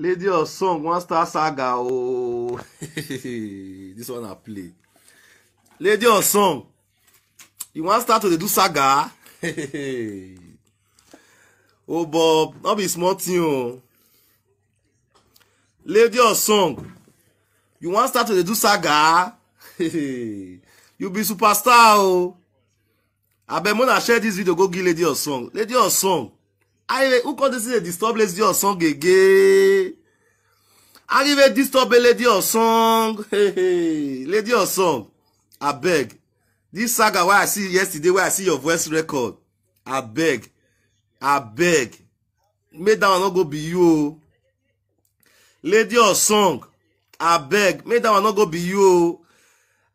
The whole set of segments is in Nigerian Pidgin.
lady of song one star saga ooo this one na play lady of song you wan start to dey do saga o oh, but no be small thing o lady of song you wan start to dey do saga you be superstar o abeg mona share this video go give lady of song lady of song arrive who call this a disturb lady or song again arrive disturb a lady or lady or song abeg this saga wey i see yesterday wey i see your voice record abeg abeg make that one no go be you o oh. lady or song abeg make that one no go be you o oh.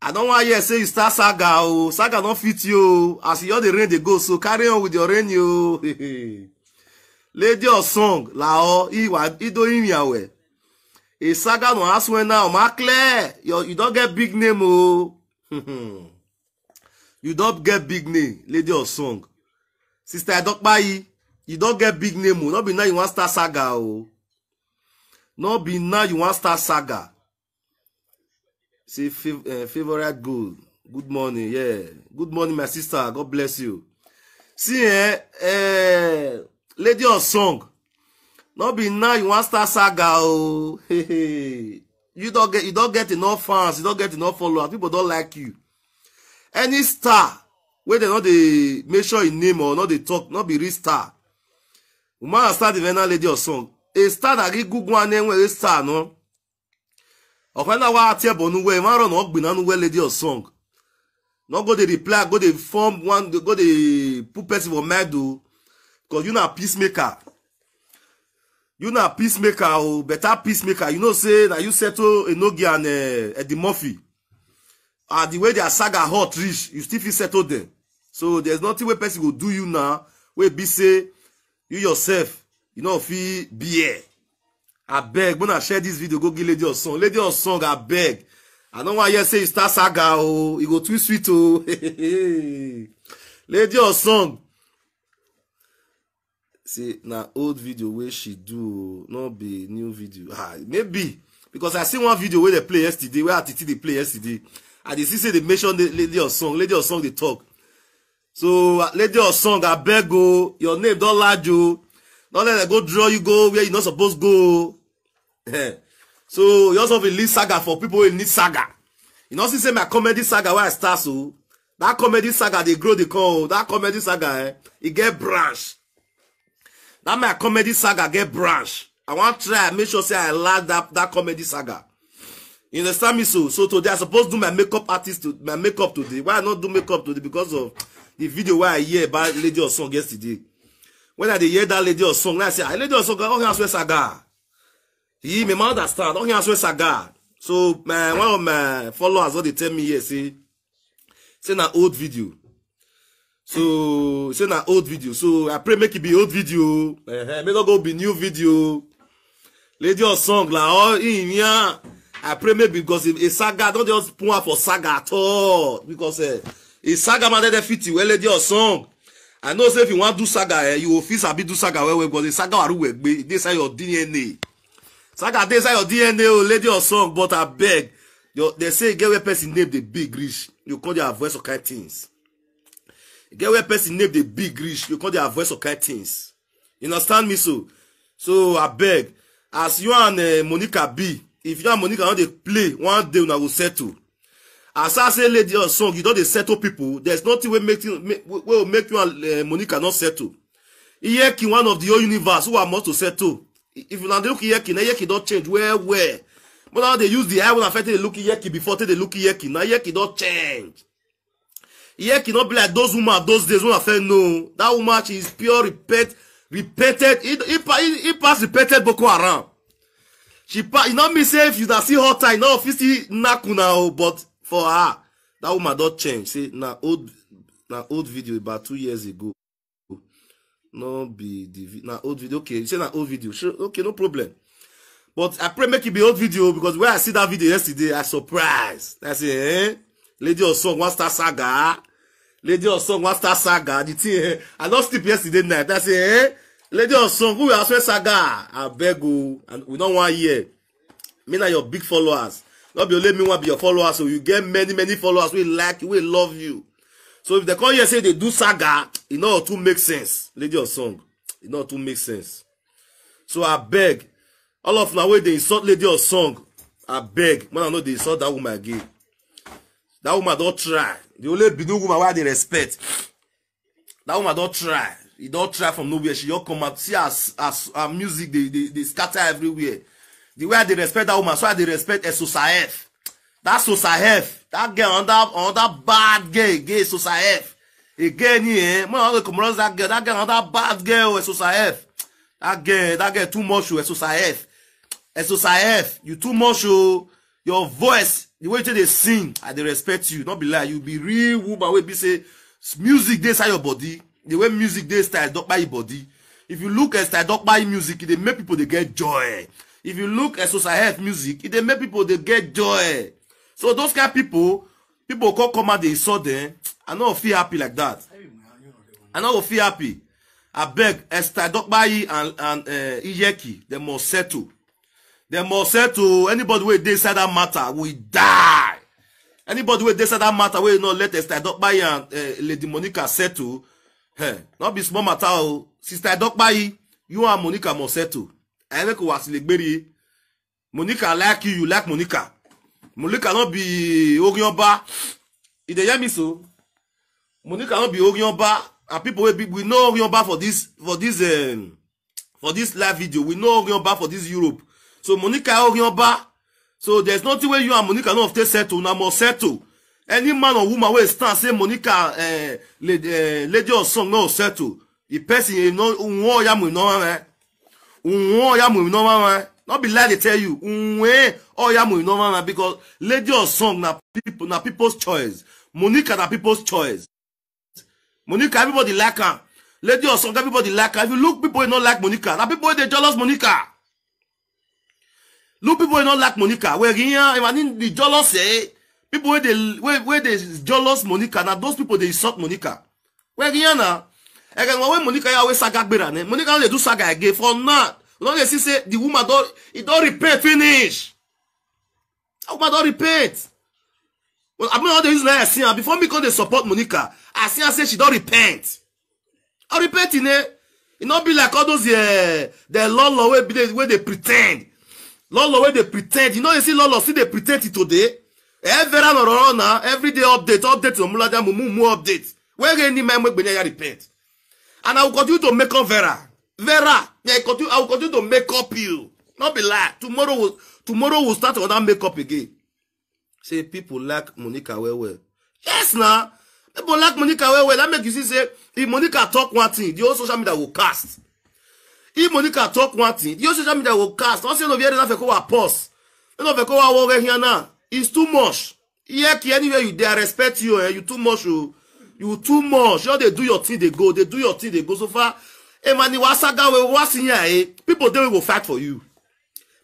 i don wan hear say you start saga o oh. saga no fit you o as your dey rain dey go so carry on with your rain o. Lady of song lao iwa ido yawe. A saga no ask when now ma clear. You, you don't get big name oh. you don't get big name lady of song. Sister Adokpayi you don get big name o oh. no be now you wan start saga o oh. no be now you wan start saga say fav uh, eh, favourite goal good morning yeah good morning my sister god bless you see eh, eh lady of song no be now you wan start saga o oh. you don get you don get enough fans you don get enough followers people don like you any star wey dem no dey make sure im name or no dey talk no be real star woman star the vener lady of song a star na gị gụgụ a na-enweghị star nọ ọkwa na wa atie bụ n'uwe mara na ọgbi na n'uwe lady of song no go dey reply go dey form one go dey put person for middle because you na peacemaker you na peacemaker o oh, better peacemaker you know say na you settle enogi and uh, eddie murphy and the way their saga hot reach you still fit settle them so there's nothing wey person go do you now wey be say you yourself you no know, fit be here abeg una share this video go give lady osong lady osong abeg i no wan hear say you start saga o oh. e go too sweet o oh. lady osong say na old video wey she do no be new video ah maybe because i see one video wey dey play yesterday wey atiti dey play yesterday i dey see say dey mention lady of song lady of song dey talk so uh, lady of song abeg o your name don large o no let dem go draw you go where you no suppose go o so you also be lead saga for people wey need saga you know see say my comedy saga wey i start so that comedy saga dey grow dey come o that comedy saga eh, e get branch that my comedy saga get branch i wan try make sure say i land that that comedy saga you understand me so so today i suppose do my makeup artist to my makeup today why i no do makeup today because of the video wey i hear about lady osun yesterday when i dey hear that lady osun na i say ah lady osun gan oh, ohin aswe saga yi me ma understand ohin aswe saga so my one of my followers don dey tell me here say say na old video so say na old video so i pray make e be old video -huh. make go be new video lady of song la all oh, in yan i pray make because a saga don just put am for saga at all because uh, a saga man dey fit well eh, lady of song i know say if you wan do saga eh, you go fit sabi do saga well well because a saga waruwe gbe e dey inside your dna saga dey inside your dna o oh, lady of song but abeg dey say e get where person name dey big reach you call their voice or kind things get where person name dey big reach you come dey avoid some kind things you understand me so so abeg as you and uh, monica be if you and monica don dey play one day una go settle as i say lady or song you don dey settle people There is nothing wey make you make, wey go make you and uh, monica no settle iyeki one of the whole universe who are must to settle if una dey look iyeki na iyeki don change well well but now dey use the eye wey na first take dey look iyeki before take dey look iyeki na iyeki don change Here cannot be like those women those days. Woman said, no, that woman, she is pure, repent, repented. He, he, he, he pass repented Boko Haram. She pass, you know me say, if you don't see her time, no, if you see Nakuna, oh, but for her, that woman don't change. See, na old, na old video about two years ago. No be the, na old video. Okay, say na old video. Sure, okay, no problem. But I pray make it be old video because when I see that video yesterday, I surprised. That's it. eh? Lady Osong one star saga. Lady Osong one star saga. The thing, eh? I lost sleep yesterday night. That's it. eh? Lady Osong, who we has saga? I beg you. And we don't want here. Me na your big followers. Not be only me want be your followers. So you get many, many followers. We like you. We love you. So if they come here say they do saga, it e not too make sense. Lady Osong, it e not too make sense. So I beg, all of now where they insult Lady Osong, I beg, man, I know they insult that woman again that woman don try the only benin woman wey i dey respect that woman don try e don try from nowhere she just come out see as as her music dey dey dey scatter everywhere the way i dey respect that woman so i dey respect esosaef that sosaef that girl another another bad girl gay sosaef again eh mo na wan comot that girl that girl another bad girl esosaef that girl that girl too much o esosaef esosaef you too much o oh. your voice the way you dey sing i dey respect you no be lie you be real woman wey be say music dey inside your body the way music dey style dokpayi body if you look at style dokpayi music e dey make people dey get joy if you look at social health music e dey make people dey get joy so those kind of people people come come out dey insult them i no feel happy like that i no feel happy abeg esther dokpayi and and uh, eh, iyeki dem must settle dem must say to anybody wey dey inside dat matter we die anybody wey dey inside dat matter wey no let Sister idokpayi and eh, lady monica settle eh not be small matter o sister idokpayi you and monica must settle emeka wasiligberi monica like you you like monica monica no be orionba e dey hear me so monica no be orionba and people wey we know orionba for this for this um, for this live video we know orionba for this europe so monica orionba so there's nothing wey you and monica no take settle una must settle any man or woman wey stand say monica uh, eh, lady, uh, eh, lady or son no settle the person you know nwo ya mu no ran nwo ya mu no ran no be lie dey tell you nwe oya oh, mu no ran eh? because lady or son na people na people's choice monica na people's choice monica everybody like am lady or son everybody like am if you look people wey no like monica na people wey dey jealous monica look people wey no like monica wey riyan e i mean the jealous eh people wey dey wey dey jealous monica na those people dey insult monica wey riyan na ẹgbẹ̀rún e wey monica yà wey saga gbéra ni monica no dey do saga again for now you don dey see say the woman don e don repent finish that woman don repent well i mean i don dey use na see am before me come dey support monica I see am say she don repent i repent in e a e no be like all those uh, the law law wey dey wey dey pre ten d lolo wey dey pretend you know you see lolo still dey pretend till today evera lororo na everyday update update omulaja mumu update wey ga any man wey gbenye ya repent and i will continue to make up vera vera yeah, continue, i will continue to make up you no be lie tomorrow will, tomorrow will start another make up again say people like monica well well yes na people like monica well well that make you see say if monica talk one thing the whole social media will cast if monica talk one thing your social media go cast wọn say no be ẹni náà fẹ́ kó wa pause ẹni náà fẹ́ kó wa wọ ọrẹ it's too much here kí anywhere you dey respect you eh you too much o oh. you too much you dey do your thing dey go dey do your thing dey go so far emani eh, wa saga we wa sinya eh people dey wey go fight for you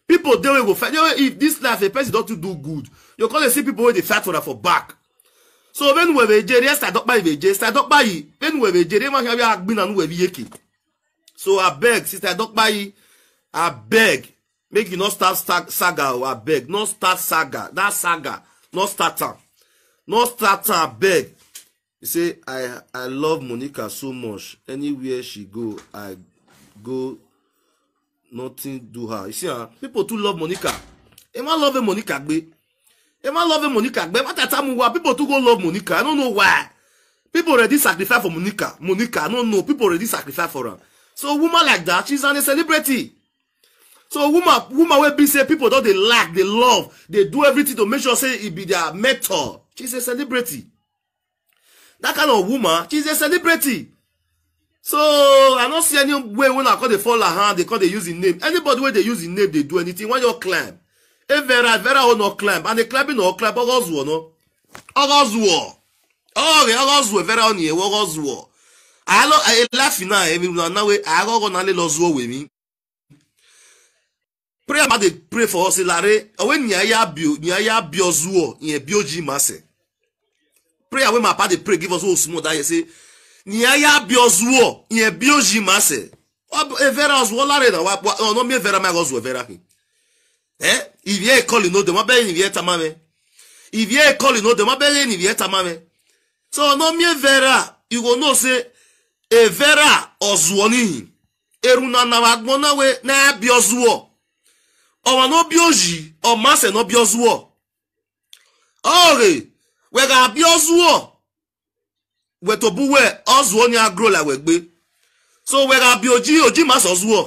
people dey wey go fight you know if this life a person don too do good you come dey see people wey dey fight for am for back so when we benuwe beje rie sadokpa ibeje sadokpa yi benuwe beje rie mahia bi agbina nuwe bi yeke so abeg sister dokpayi abeg make you no start saga o abeg no start saga that saga no start am no start am abeg he say i i love monica so much anywhere she go i go nothing do her you see ah people too love monica ẹ má love monica gbé ẹ má love monica gbé má tata mu wa people too go love monica i no know why people already sacrifice for monica monica i no know people already sacrifice for am so woman like that, she's an a celebrity so woman woman wey be say people don dey like dey love dey do everything to make sure say e be their mentor she's a celebrity That kind of woman she's a celebrity so i no see any way wey i call dey fall her hand dey call dey use him name anybody wey dey use him name dey do anything wen you climb if vera vera o no climb and the climbing no climb ogozuo no ogozuo oge ogozuo vera o ni ewe ogozuo alo elafi eh, eh, na emi eh, na na we agogo na le lozu owe mi prayer ma dey pray for us lare owe ni aya bio ni aya bio zuo yen bio ji ma se prayer we ma pa pray give us osumo that you say ni aya bio zuo yen bio ji ma se evera ozuo lare na wa no me Vera, my gozuo Vera ki eh if you call you know them abel ni vieta mame if you call you know them abel ni vieta mame so no me Vera, you go know say evere a ọzụọ n'ihi eru na na-agbọ na-abịa ọzụọ ọwa n'obi oji ọmasị n'obi ọzụọ ọrị wega abịa ọzụọ wetobuwe ọzụ onye agrola wee gbe so wega abịa oji oji masị ọzụọ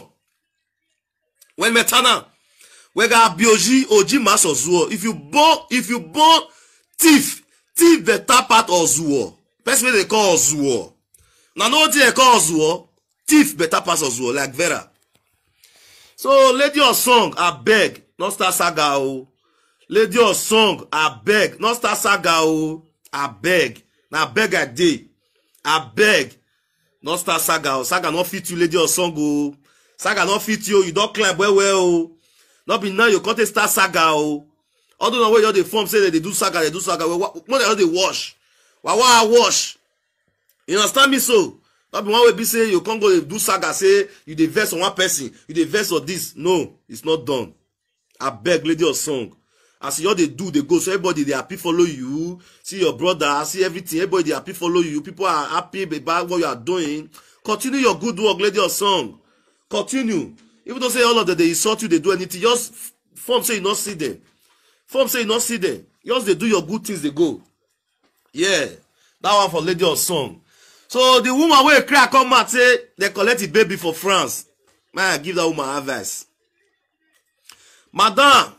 wemetana wega abịa oji oji masị ọzụọ if you bo if you bo thief thief better part ọzụọ person wey dey call ọzụọ na no there cause war thief better pass us war like vera so lady of song abeg no start saga o oh. lady of song abeg no start saga o oh. abeg na abeg i dey abeg no start saga o oh. saga no fit you lady of song o saga no fit you you don climb well well o no be now you come start saga o although na wey you dey form say dem dey do saga dey do saga wey one dey dey wash wawa wash you understand me so no be one way be say you come go dey do saga say you dey vex on one person you dey vex on this no it's not done abeg lady of song as you all dey do dey go so everybody dey happy follow you see your brother see everything everybody dey happy follow you people are happy about what you are doing continue your good work lady of song continue even though say all of them dey insult you dey do anything just form say you no see them form say you no see them just dey do your good things dey go yeah that one for lady of song so the woman wey cry come out say they collect the baby for france man give that woman advice madam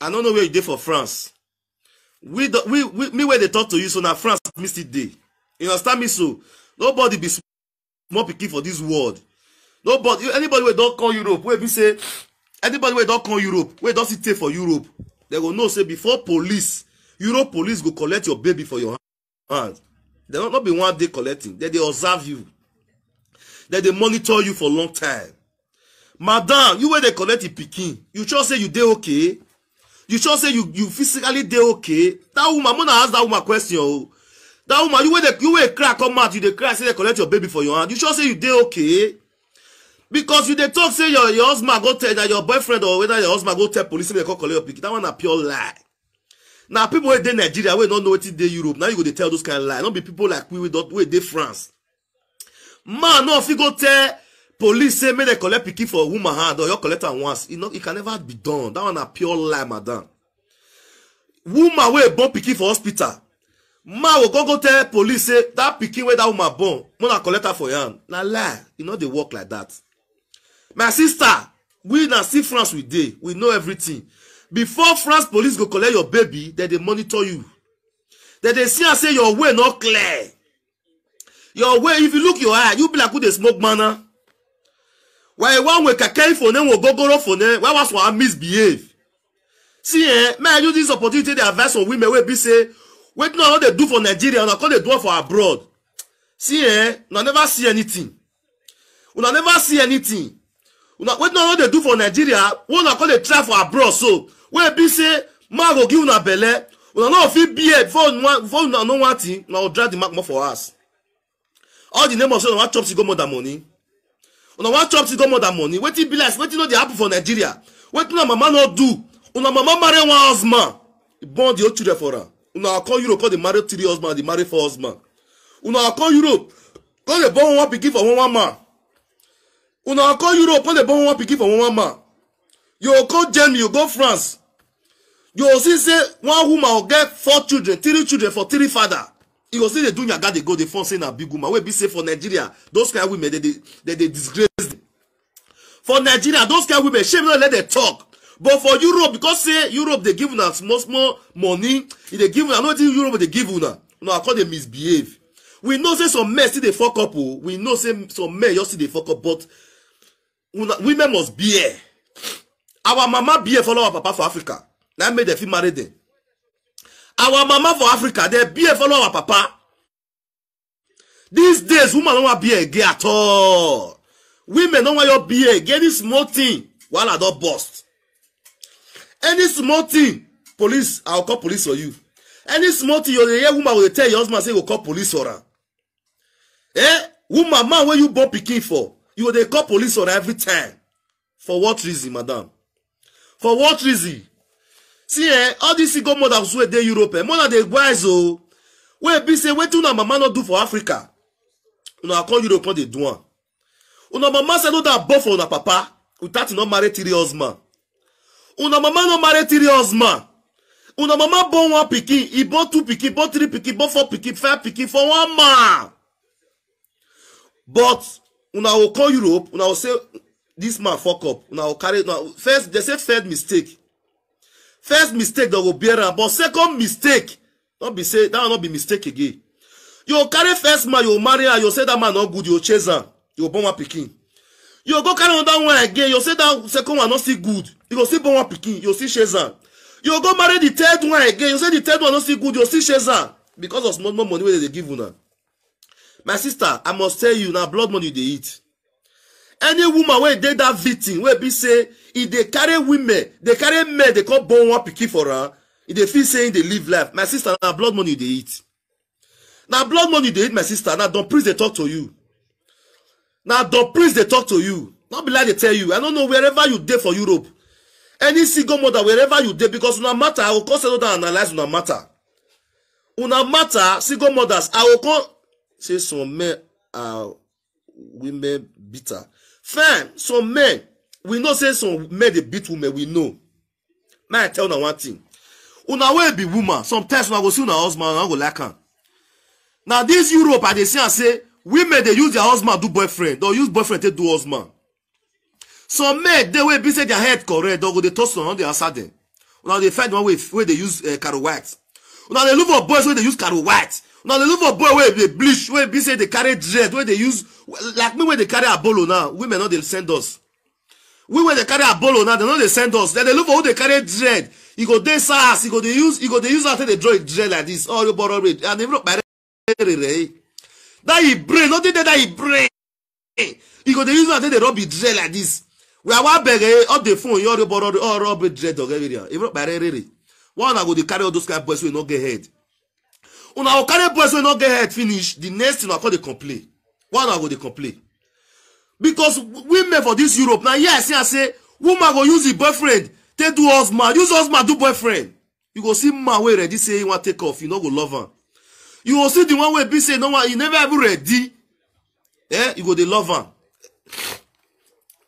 i no know where you dey for france we we we me wey dey talk to you so na france me it dey you understand me so nobody be small pikin for this world nobody anybody wey don come europe wey be say anybody wey don come europe wey don still take for europe They go know say before police europe police go collect your baby for your hand they not be one day collecting then they observe you then they monitor you for long time madam you wey dey collect the pikin you sure say you dey okay you sure say you you physically dey okay that woman mona ask that woman question o oh. that woman you wey dey you wey cry come out you dey cry say dey collect your baby for your hand you sure say you dey okay because you dey talk say your your husband go tell na your boyfriend or whether your husband go tell police make dem come collect your pikin that one na pure lie na pipo wey dey nigeria wey no know wetin dey europe na you go dey tell those kind lie no be pipo like we wey dey france man no fit go tell police say make dem collect pikin for woman hand or your collect am once e can never be done that one na pure lie madam woman wey born pikin for hospital man go go go tell police say that pikin wey that woman born more na collect am for hand na lie e no dey work like that. my sister we na see france we dey we know everything before france police go collect your baby dem dey monitor you dem dey see am say your way no clear your way if you look your eye you be like who dey smoke mana wàá ìwà òun kẹ̀kẹ́ ìfòne wò gógóró fòne Why wàá sùn wàá misbehave see eh may i use this opportunity to advise some women wey be say wetin una no dey do for nigeria una come dey do am for abroad see eh una never see anything una never see anything una wetin una no dey do for nigeria wey una come dey try for abroad so wey be say man go give una belle una no fit be before una know one thing una go for us all the name of una chop to go more money una wan chop to go more money wetin be like wetin no dey happen for nigeria wetin una mama no do una mama marry one husband born the old children for am una come europe come dey marry three husband dey marry four husband una europe born one pikin for one one man una europe dey born one pikin for one one man you go see say one woman go get four children three children for three father you go see dey do yaga dey go dey form say na big woman wey be say for nigeria those kind women dey dey dey disgrace them for nigeria those kind women shame no let dem talk but for europe because say europe dey give una small small money e dey give una no wetin europe dey give una una come dey misbehave we know say some men still dey fok up o oh. we know say some men just still dey fok up but una women must bear our mama bear follow our papa for africa na make dem fit marry dem our mama for africa dem bear follow our papa these days woman no wan bear again at all women no wan your bear again any small thing wahala don burst any small thing police i go call police for you any small thing you dey hear woman go dey tell your husband say you go call police for am eh woman man wey you born pikin for you go dey call police for am every time for what reason madam for what reason see eh, all dis single mothers wey dey europe eh, more na dey wise o oh. wey be say wetin una mama no do for africa una come europe come dey do am ah. una mama settle down born for una papa without no marry three husband una mama no marry three husband una mama born one pikin e born two pikin born three pikin born four pikin five pikin for one man but una go come europe una go say dis man fuck up una go carry una first dey say third mistake first mistake dem go bear am but second mistake no be say that one no be mistake again you carry first man you marry her you say that man no good you chase am you born one pikin you go carry another one again you say that second one no still good you go still born one pikin you still chase am you go marry the third one again you say the third one no still good you still chase am because of small small money wey dem dey give una my sister i must tell you na blood money you dey eat any woman wey dey that victim wey be say e dey carry women dey carry men dey come born one pikin for am e dey feel say e dey live life my sister na blood money you dey eat na blood money you dey eat my sister na don priest dey talk to you na don priest dey talk to you no be lie dey tell you i no know wherever you dey for europe any single mother wherever you dey because una matter i go come settle down and analyse una matter una matter single mothers i go come say some men are women bitter fine some men we know say some men dey beat women we know may i tell una one thing una wey be woman sometimes una go see una husband una go like am na dis europe i dey see am say women dey use their husband do boyfriend or use boyfriend take do husband some men dey wey be say their head correct don go dey toss una dey answer dem una dey find one way wey dey use caro eh, white una dey look for boys wey dey use caro white now they look for boy wey dey bleach wey be say dey carry dread wey dey use like me wey dey carry abolo now women no dey send us we wey dey carry abolo now dem no dey send us dem dey look for who dey carry dread e go dey sars e go dey use e go dey use am take dey draw dread like this all oh, your yoboro red and even kpare rere eh? that e brain nothing dey that e brain e go dey use am take dey rub e dread like this we are one bege eh? up the phone oh, your boro all oh, rub dread ogere even kpare rere one na go dey carry all those kind boys wey no get head una go carry boys wey no get head finish the next una come dey complain why una go dey complain because women for this europe na here i see am say woman go use the boyfriend take do husband use husband do boyfriend you go see man wey ready say he wan take off you no go love am you go see the one wey be say no one he never even ready eh you go dey love am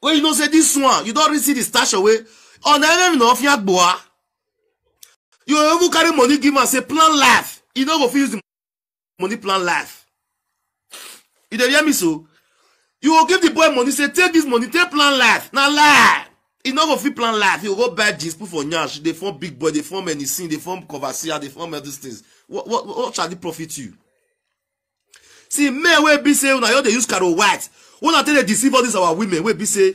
when you know say this one you don really see the stash away ọ̀nà ẹlẹ́rìí náà fi àgbò wá you go even carry money give am say plan life e no go fit use the money plan life you dey hear me so you go give the boy money say take this money take plan life na lie e no go fit plan life you go buy jeans put for yansh dey form big boy dey form sin. dey form covercia. dey form all these things what what what shall it profit you see men wey be say una just dey use caro white una take dey deceive all these our women wey be say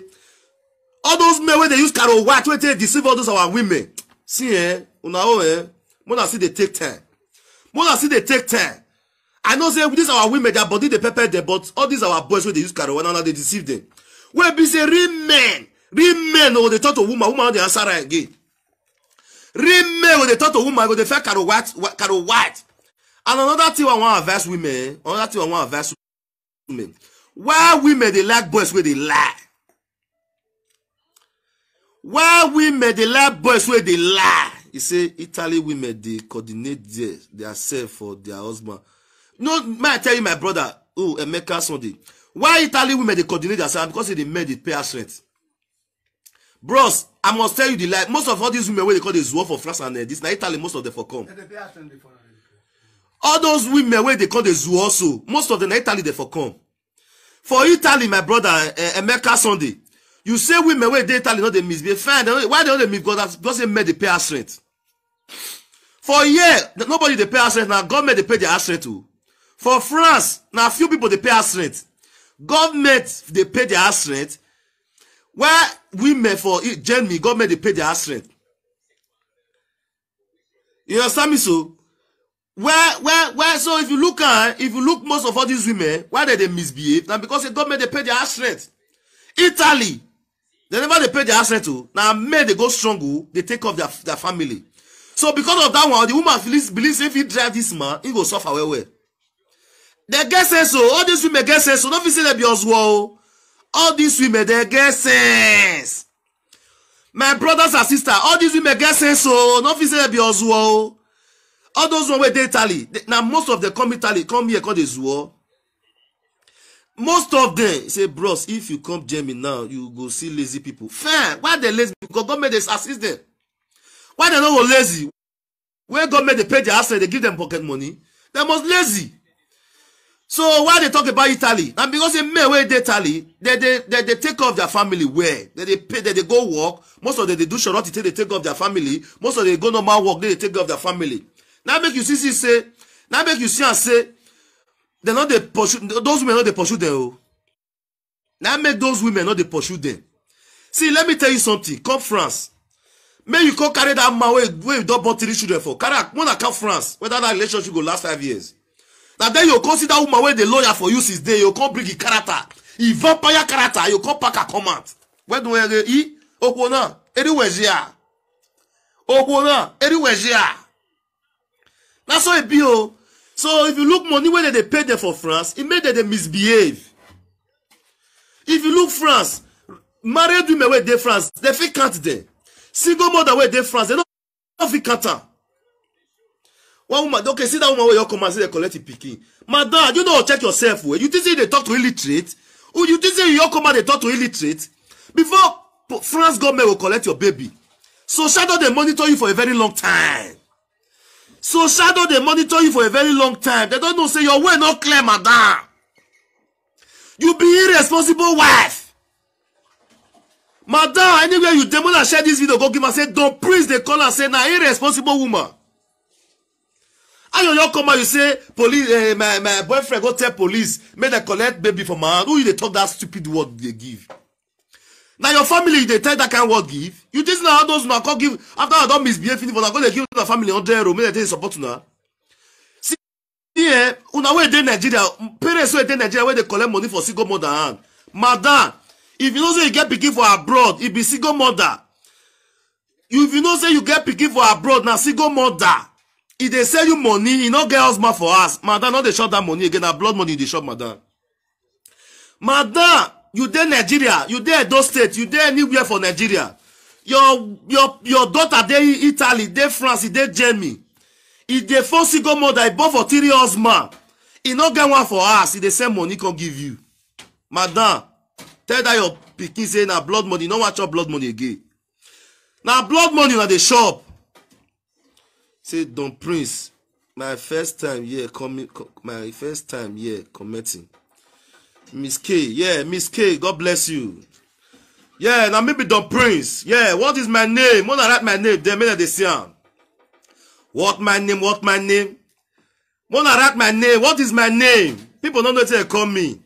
all those men wey dey use caro white wey take dey deceive all those our women see eh una own eh una still dey take time woman still dey take time i know say this our women their body dey pepper dem but all these our boys wey dey use carowana now dey deceive them. wey be say real men real men go dey talk to woman woman no dey answer her again real men go dey talk to woman go oh, dey fair caro white caro white and another thing i wan advise women another thing i wan advise women why women dey like boys wey dey lie why women dey like boys wey dey lie He say Italy women dey coordinate there self for their husband. No, may I tell you my brother, oh Emeka Sunday, why Italy women dey coordinate their self because the men dey pay us rent. Bros, I must tell you the lie. Most of all these women wey dey call dey zuo for France and eh, this na Italy most of them for come. All those women wey dey call dey zuo also, most of them na Italy dey for come. For Italy, my brother uh, Emeka Sunday, you say women wey dey Italy no dey misbehave fine. Why they no dey misbehave? Because say men dey pay us rent for here nobody dey pay house rent na government dey pay their house rent o for france na few people dey pay house rent government dey pay their house rent while women for germany government dey pay their house rent you understand me so where where where so if you look am if you look most of all these women why dem dey misbehave na because say government dey pay their house rent italy dem never dey pay their house rent o na men dey go strong o dey take off their their family so because of that one the woman feelings believes if he drive this man he go suffer well well dem get sense o oh. all these women get sense o oh. no fit say dem be ozuwa o oh. all these women dem get sense my brothers and sisters all these women get sense o no fit say dem be ozuwa o all those one wey dey italy na most of them come italy come here come dey zuwo most of them say bros if you come germany now you go see lazy people fair why dem lazy because government dey assist them why they no go lazy wey government dey pay their assets dey give them pocket money They must lazy so why they talk about italy na because say men wey dey italy they dey take care of their family well they dey pay they dey go work most of dem dey do shoroti take dey take care of their family most of dem dey go normal work dey take care of their family na make you see see say na make you see am say They no dey pursue those women no dey pursue them. o oh. na make those women no dey pursue them. see let me tell you something come france May you come carry that man wey you don born three children for carry one account france whether that relationship go last five years na then you come see dat woman wey dey lawyer for you since day you come bring e character e vampire character you come pack her come out wednesday e okwo na eriwezia okwo na eriwezia na so e be o so if you look money wey dem dey pay dem for france e make dem dey misbehave if you look france married women wey dey france dem fit count dem single mother wey dey france dem no fit count am one woman okay see that woman wey your command say dey collect im pikin madam you no check yourself well oh. oh, you think say you dey talk to illiterate Who you think say your command dey talk to illiterate before france government go collect your baby so shadow dey monitor you for a very long time so shadow dey monitor you for a very long time dem don know say your way no clear madam you be irresponsible wife madam anywhere you dey mona share this video go give am say don prince dey call am say na irresponsible woman ayoyo come out you say police eh, my my boyfriend go tell police make dem collect baby from her who you dey talk that stupid word you dey give na your family you dey tell that kind word give you dis na how those una come give after una don misbehave finish but una go dey give una family hundred euro make dem take support una see eh una wey dey nigeria parents wey dey nigeria wey dey collect money for single mother hand madam if you know say you get pikin for abroad e be single mother if you know say you get pikin for abroad na single mother e dey sell you money e no get husband for house madam no dey chop that money again na blood money you dey chop madam madam you dey nigeria you dey edo state you dey anywhere for nigeria your your your daughter dey italy dey france e dey germany e dey for single mother e born for three husband e no get one for house e dey send money come give you madam tell that your pikin say na blood money no wan chop blood money again na blood money na dey chop say don prince my first time here coming my first time here commenting miss k yeah miss k god bless you yeah na me be don prince yeah what is my name when i write my name dem make dem dey see am what my name what my name when i write my name what is my name people no know wetin dey call me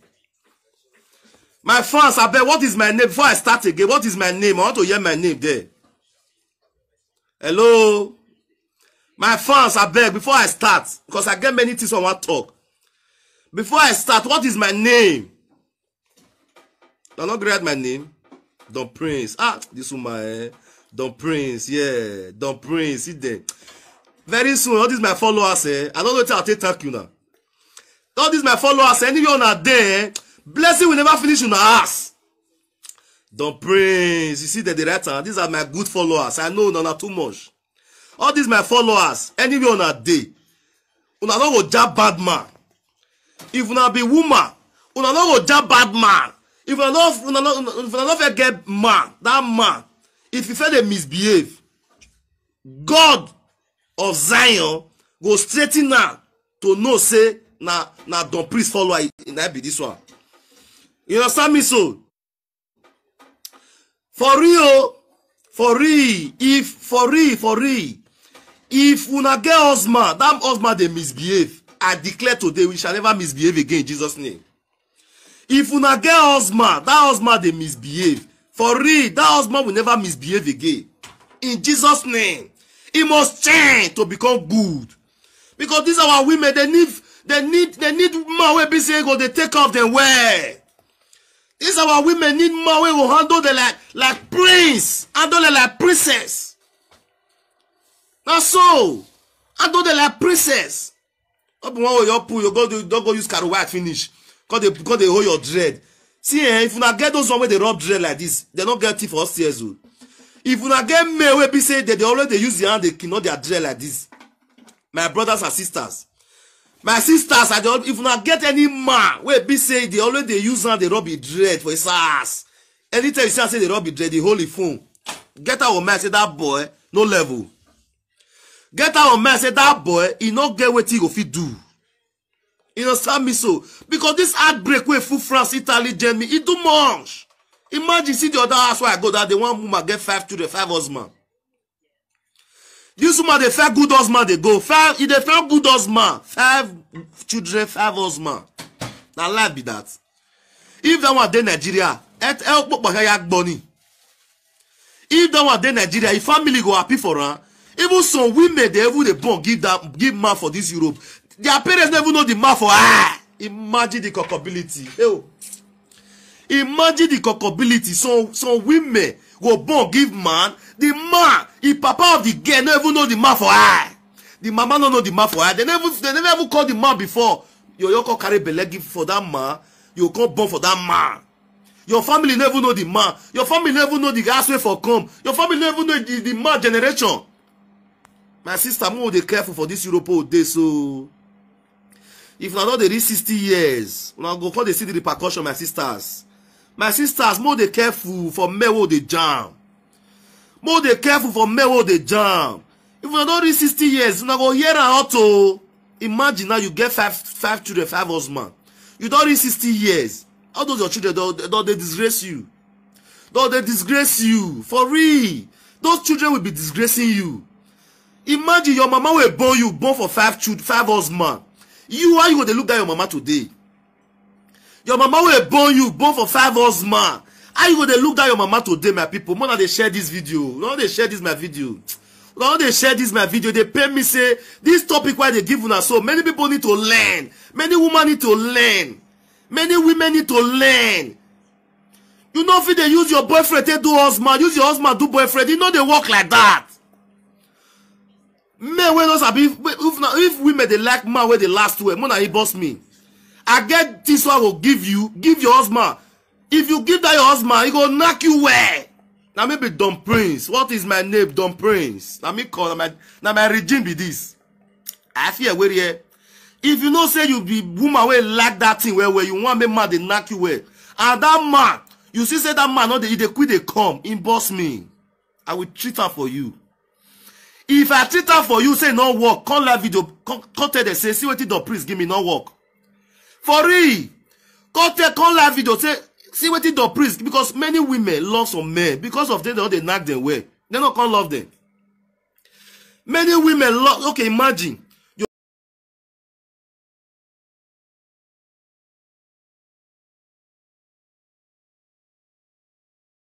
my fans abeg what is my name before i start again what is my name i want to hear my name there hello my fans abeg before i start because i get many things i wan talk before i start what is my name na no gree my name don prince ah this woman eh don prince yeah don prince see there very soon all these my followers eh i don't know wetin i take thank you na all these my followers eh anywhere una dey eh Blessing will never finish in our house. Don praise. You see that the writer, these are my good followers. I know una too much. All these my followers, anywhere on a day, una no go jab bad man. If una be woman, una no go jab bad man. If una no, una no, if una no fit get man, that man, if you fit dey misbehave, God of Zion go straighten am to know say na na Don Priest follower na be this one. You understand me so? For real, for real, if for real, for real, if una get husband, that husband dey misbehave, I declare today we shall never misbehave again in Jesus' name. If una get husband, that husband dey misbehave. For real, that husband will never misbehave again. In Jesus' name, he must change to become good. Because these are our women, they need, they need, they need woman wey be say go dey take care of them well. These our women need more. We will handle them like, like prince. Handle them like princess. That's so. Handle them like princess. Up one way up, you go to, don't go use white finish. Cause they, cause they hold your dread. See, eh, if you not get those one where they rub dread like this, they don't get teeth for upstairs. Oh. If you not get male where be say that they always they use their hand, they cannot their dread like this. My brothers and sisters, my sisters i dey if una get any man wey be say dey always dey use am dey rub e dread for his ass anytime you see am say dey rub e dread dey hold e phone get out of mind say dat boy no level get out of mind say dat boy e no get wetin e go fit do you understand me so because dis heartbreak wey full france italy germany e do much imagine see the other house wey i go that day one woman get five children five husband dis woman dey fair good husband dey go fair e dey fair good husband five children five husband na life be that if that one dey nigeria ekpokpoka ya gbọ ni if that one dey nigeria im family go happy for am even some women dey even dey born give that give man for this europe their parents no even know the man for eye imagine the culpability hey, oh. imagine the culpability some some women go born give man the man the papa of the girl no even know the man for eye the mama no know the man for eye they never they never even call the man before you you come carry belle give for that man you come born for that man your family never know the man your family never know the gas wey for come your family never know the the man generation my sister mo dey careful for this europe old days so if una don dey reach sixty years una go come dey see the repercussion my sisters my sisters more dey careful for men wey dey jam more dey careful for men wey dey jam if una don reach sixty years una go hear am out o imagine now you get five five children five husband you don reach sixty years all those your children don don dey disgrace you don dey disgrace you for real those children will be disgracing you imagine your mama wey born you born for five children five husband you how you go dey look down your mama today your mama will born you born for five hours man how you gonna look at your mama today my people more na dey share this video una no dey share this my video una no dey share this my video they pay me say this topic why they dey give una so many people need to learn many women need to learn many women need to learn you know if they use your boyfriend take do husband use your husband do boyfriend you e know they work like that men wey no sabi if if women they like man where they last well mo na e burst me i get this one i will give you give your husband if you give that your husband he go knock you where. Now maybe be don prince what is my name don prince Now me call my Now my regime be this I fear where here if you know say you be woman wey like that thing where where you want me man dey knock you where. and that man you see say that man no they they quit. They come him boss me i will treat her for you if i treat her for you say no work Call that video come, come tell dem say see what wetin don prince give me no work for real come take come live video say see wetin the priest because many women love some men because of them they no dey knack them well they no come love them many women love okay imagine